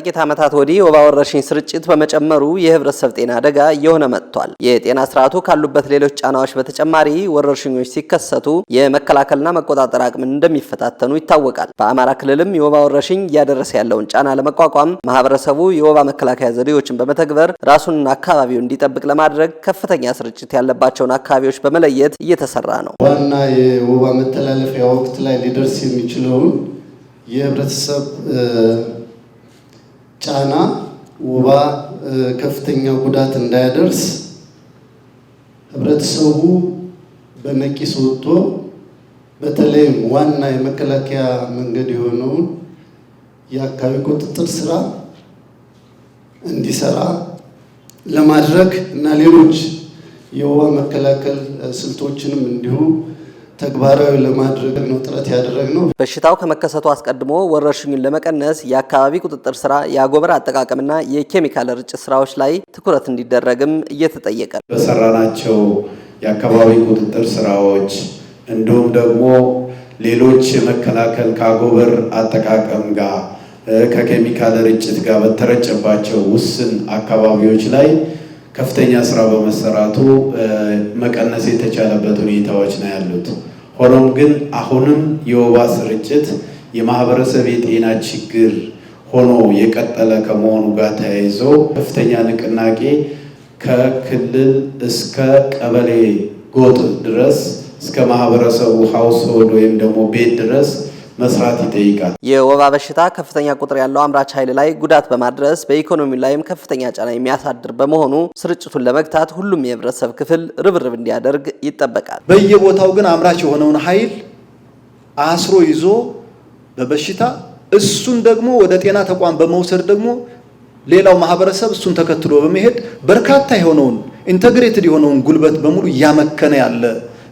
ጥቂት ዓመታት ወዲህ ወባ ወረርሽኝ ስርጭት በመጨመሩ የህብረተሰብ ጤና አደጋ እየሆነ መጥቷል። የጤና ስርዓቱ ካሉበት ሌሎች ጫናዎች በተጨማሪ ወረርሽኞች ሲከሰቱ የመከላከልና መቆጣጠር አቅምን እንደሚፈታተኑ ይታወቃል። በአማራ ክልልም የወባ ወረርሽኝ እያደረሰ ያለውን ጫና ለመቋቋም ማህበረሰቡ የወባ መከላከያ ዘዴዎችን በመተግበር ራሱንና አካባቢውን እንዲጠብቅ ለማድረግ ከፍተኛ ስርጭት ያለባቸውን አካባቢዎች በመለየት እየተሰራ ነው። ዋና የወባ መተላለፊያ ወቅት ላይ ሊደርስ የሚችለውን የህብረተሰብ ጫና ወባ ከፍተኛ ጉዳት እንዳያደርስ ህብረተሰቡ በነቂስ ወጥቶ በተለይም ዋና የመከላከያ መንገድ የሆነውን የአካባቢ ቁጥጥር ስራ እንዲሰራ ለማድረግ እና ሌሎች የወባ መከላከል ስልቶችንም እንዲሁ ተግባራዊ ለማድረግ ነው ጥረት ያደረግነው። በሽታው ከመከሰቱ አስቀድሞ ወረርሽኙን ለመቀነስ የአካባቢ ቁጥጥር ስራ፣ የአጎበር አጠቃቀምና የኬሚካል ርጭት ስራዎች ላይ ትኩረት እንዲደረግም እየተጠየቀ በሰራናቸው የአካባቢ ቁጥጥር ስራዎች እንዲሁም ደግሞ ሌሎች የመከላከል ከአጎበር አጠቃቀም ጋር ከኬሚካል ርጭት ጋር በተረጨባቸው ውስን አካባቢዎች ላይ ከፍተኛ ስራ በመሰራቱ መቀነስ የተቻለበት ሁኔታዎች ነው ያሉት። ሆኖም ግን አሁንም የወባ ስርጭት የማህበረሰብ የጤና ችግር ሆኖ የቀጠለ ከመሆኑ ጋር ተያይዞ ከፍተኛ ንቅናቄ ከክልል እስከ ቀበሌ ጎጥ ድረስ እስከ ማህበረሰቡ ሀውስ ሆልድ ወይም ደግሞ ቤት ድረስ መስራት ይጠይቃል። የወባ በሽታ ከፍተኛ ቁጥር ያለው አምራች ኃይል ላይ ጉዳት በማድረስ በኢኮኖሚ ላይም ከፍተኛ ጫና የሚያሳድር በመሆኑ ስርጭቱን ለመግታት ሁሉም የህብረተሰብ ክፍል ርብርብ እንዲያደርግ ይጠበቃል። በየቦታው ግን አምራች የሆነውን ኃይል አስሮ ይዞ በበሽታ እሱን ደግሞ ወደ ጤና ተቋም በመውሰድ ደግሞ ሌላው ማህበረሰብ እሱን ተከትሎ በመሄድ በርካታ የሆነውን ኢንተግሬትድ የሆነውን ጉልበት በሙሉ እያመከነ ያለ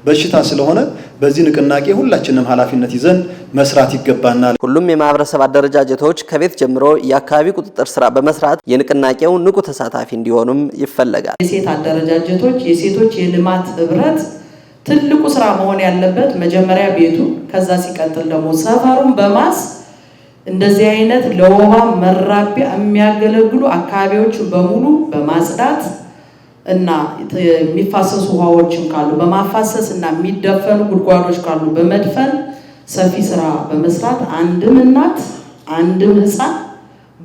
በሽታ ስለሆነ በዚህ ንቅናቄ ሁላችንም ኃላፊነት ይዘን መስራት ይገባናል። ሁሉም የማህበረሰብ አደረጃጀቶች ከቤት ጀምሮ የአካባቢ ቁጥጥር ስራ በመስራት የንቅናቄው ንቁ ተሳታፊ እንዲሆኑም ይፈለጋል። የሴት አደረጃጀቶች የሴቶች የልማት ህብረት ትልቁ ስራ መሆን ያለበት መጀመሪያ ቤቱ፣ ከዛ ሲቀጥል ደግሞ ሰፈሩን በማስ እንደዚህ አይነት ለወባ መራቢያ የሚያገለግሉ አካባቢዎችን በሙሉ በማጽዳት እና የሚፋሰሱ ውሃዎችም ካሉ በማፋሰስ እና የሚደፈኑ ጉድጓዶች ካሉ በመድፈን ሰፊ ስራ በመስራት አንድም እናት አንድም ሕፃን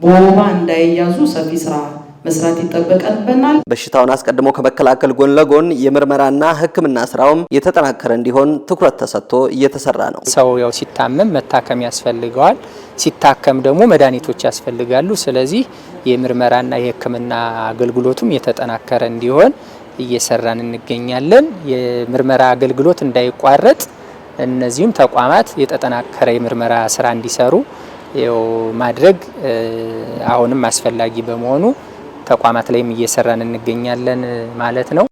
በወባ እንዳይያዙ ሰፊ ስራ መስራት ይጠበቅብናል። በሽታውን አስቀድሞ ከመከላከል ጎን ለጎን የምርመራና ሕክምና ስራውም የተጠናከረ እንዲሆን ትኩረት ተሰጥቶ እየተሰራ ነው። ሰው ያው ሲታመም መታከም ያስፈልገዋል። ሲታከም ደግሞ መድኃኒቶች ያስፈልጋሉ። ስለዚህ የምርመራና የሕክምና አገልግሎቱም የተጠናከረ እንዲሆን እየሰራን እንገኛለን። የምርመራ አገልግሎት እንዳይቋረጥ እነዚህም ተቋማት የተጠናከረ የምርመራ ስራ እንዲሰሩ ማድረግ አሁንም አስፈላጊ በመሆኑ ተቋማት ላይም እየሰራን እንገኛለን ማለት ነው።